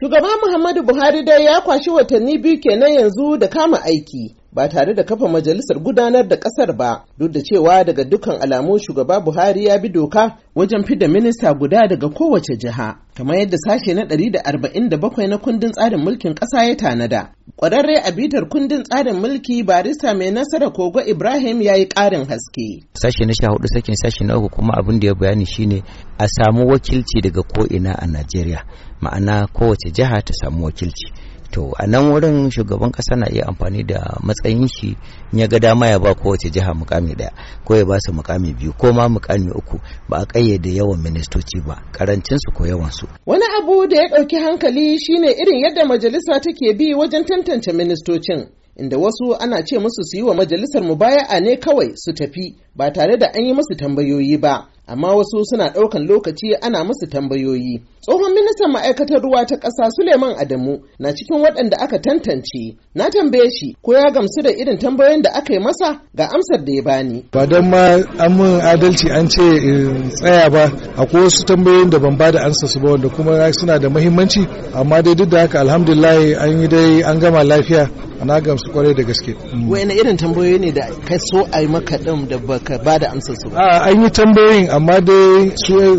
Shugaba Muhammadu Buhari dai ya kwashi watanni biyu kenan yanzu da kama aiki, ba tare da kafa majalisar gudanar da kasar ba duk da cewa daga dukkan alamu shugaba buhari ya bi doka wajen fidda minista guda daga kowace jiha kamar yadda sashe na ɗari da da arba'in bakwai na kundin tsarin mulkin ƙasa ya tanada Ƙwararre a bitar kundin tsarin mulki barista mai nasara kogo Ibrahim ya yi ƙarin haske. Sashe na sha hudu sakin sashe na uku kuma abin da ya bayani shine a samu wakilci daga ko ina a Najeriya ma'ana kowace jiha ta samu wakilci. to a nan wurin shugaban kasa na iya amfani da matsayin shi ya ga dama ya ba kowace jiha mukami daya ko ya ba su mukami biyu ko ma mukami uku ba a kayyade yawan ministoci ba karancin su ko yawan su wani abu da ya dauki hankali shine irin yadda majalisa take bi wajen tantance ministocin inda wasu ana ce musu su yi wa majalisar mubaya'a ne kawai su tafi ba tare da an yi musu tambayoyi ba amma wasu suna ɗaukan lokaci ana musu tambayoyi tsohon ministan ma'aikatar ruwa ta ƙasa suleiman adamu na cikin waɗanda aka tantance na tambaye shi ko ya gamsu da irin tambayoyin da aka yi masa ga amsar da ya bani ba don ma an mun adalci an ce eh, tsaya ba akwai wasu tambayoyin da ban bada ansa su ba wanda kuma suna da muhimmanci amma dai duk da haka alhamdulillah an yi dai an gama lafiya na gamsu kwarai da gaske. Wani irin tambayoyi ne da ka so a yi maka ɗin da ba ka ba da amsar su a ah, an yi tambayoyin amma dai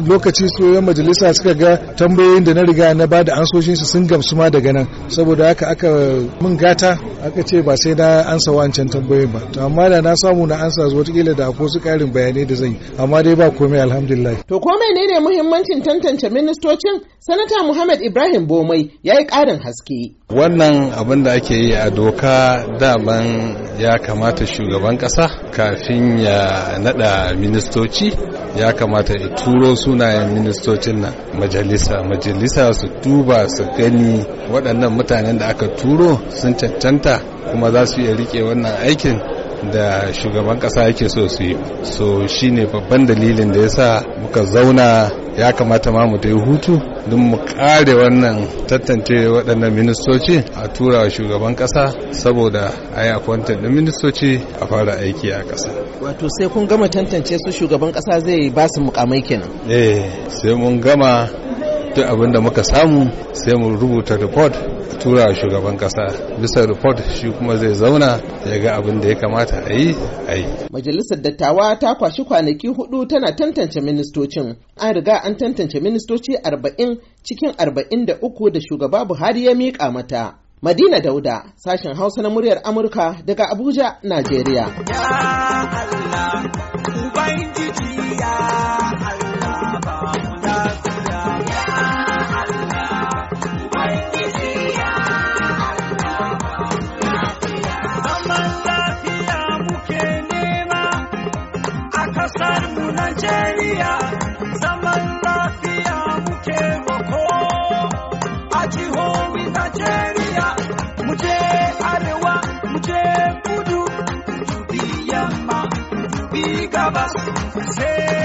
lokaci su yan majalisa suka ga tambayoyin da na riga na ba da ansoshin sun gamsu ma daga nan saboda haka aka mun gata aka ce ba sai na ansa wancan tambayoyin ba to amma da na samu na ansa zuwa kila da ko su karin bayanai da zan yi amma dai ba komai alhamdulillah to ko menene muhimmancin tantance ministocin sanata Muhammad Ibrahim Bomai ya yi karin haske wannan abin da ake yi a doka daban ya kamata shugaban kasa kafin ya naɗa nada ministoci ya kamata ya turo sunayen ministocin nan majalisa majalisa su tuba su gani waɗannan mutanen da aka turo sun cancanta kuma za su iya rike wannan aikin da shugaban ƙasa yake so su yi so shine babban dalilin da ya sa muka zauna ya kamata ma mu yi hutu don mu kare wannan tantance waɗannan ministoci a tura wa shugaban ƙasa saboda a yi akwantar da ministoci a fara aiki a ƙasa. Wato sai kun gama tantance su shugaban ƙasa zai ba su mukamai kenan. Eh sai mun gama duk abin da muka samu sai mu rubuta report tura shugaban kasa bisa report shi kuma zai zauna ya ga abin da ya kamata a yi a yi majalisar dattawa ta kwashi kwanaki hudu tana tantance ministocin an riga an tantance ministoci arba'in cikin arba'in da uku da shugaba buhari ya miƙa mata Madina Dauda, sashen Hausa na muryar Amurka daga Abuja, Najeriya. Nigeria, zaman lafiya muke Moko, a in Nigeria, muje arewa muje kudu dubi yamma dubi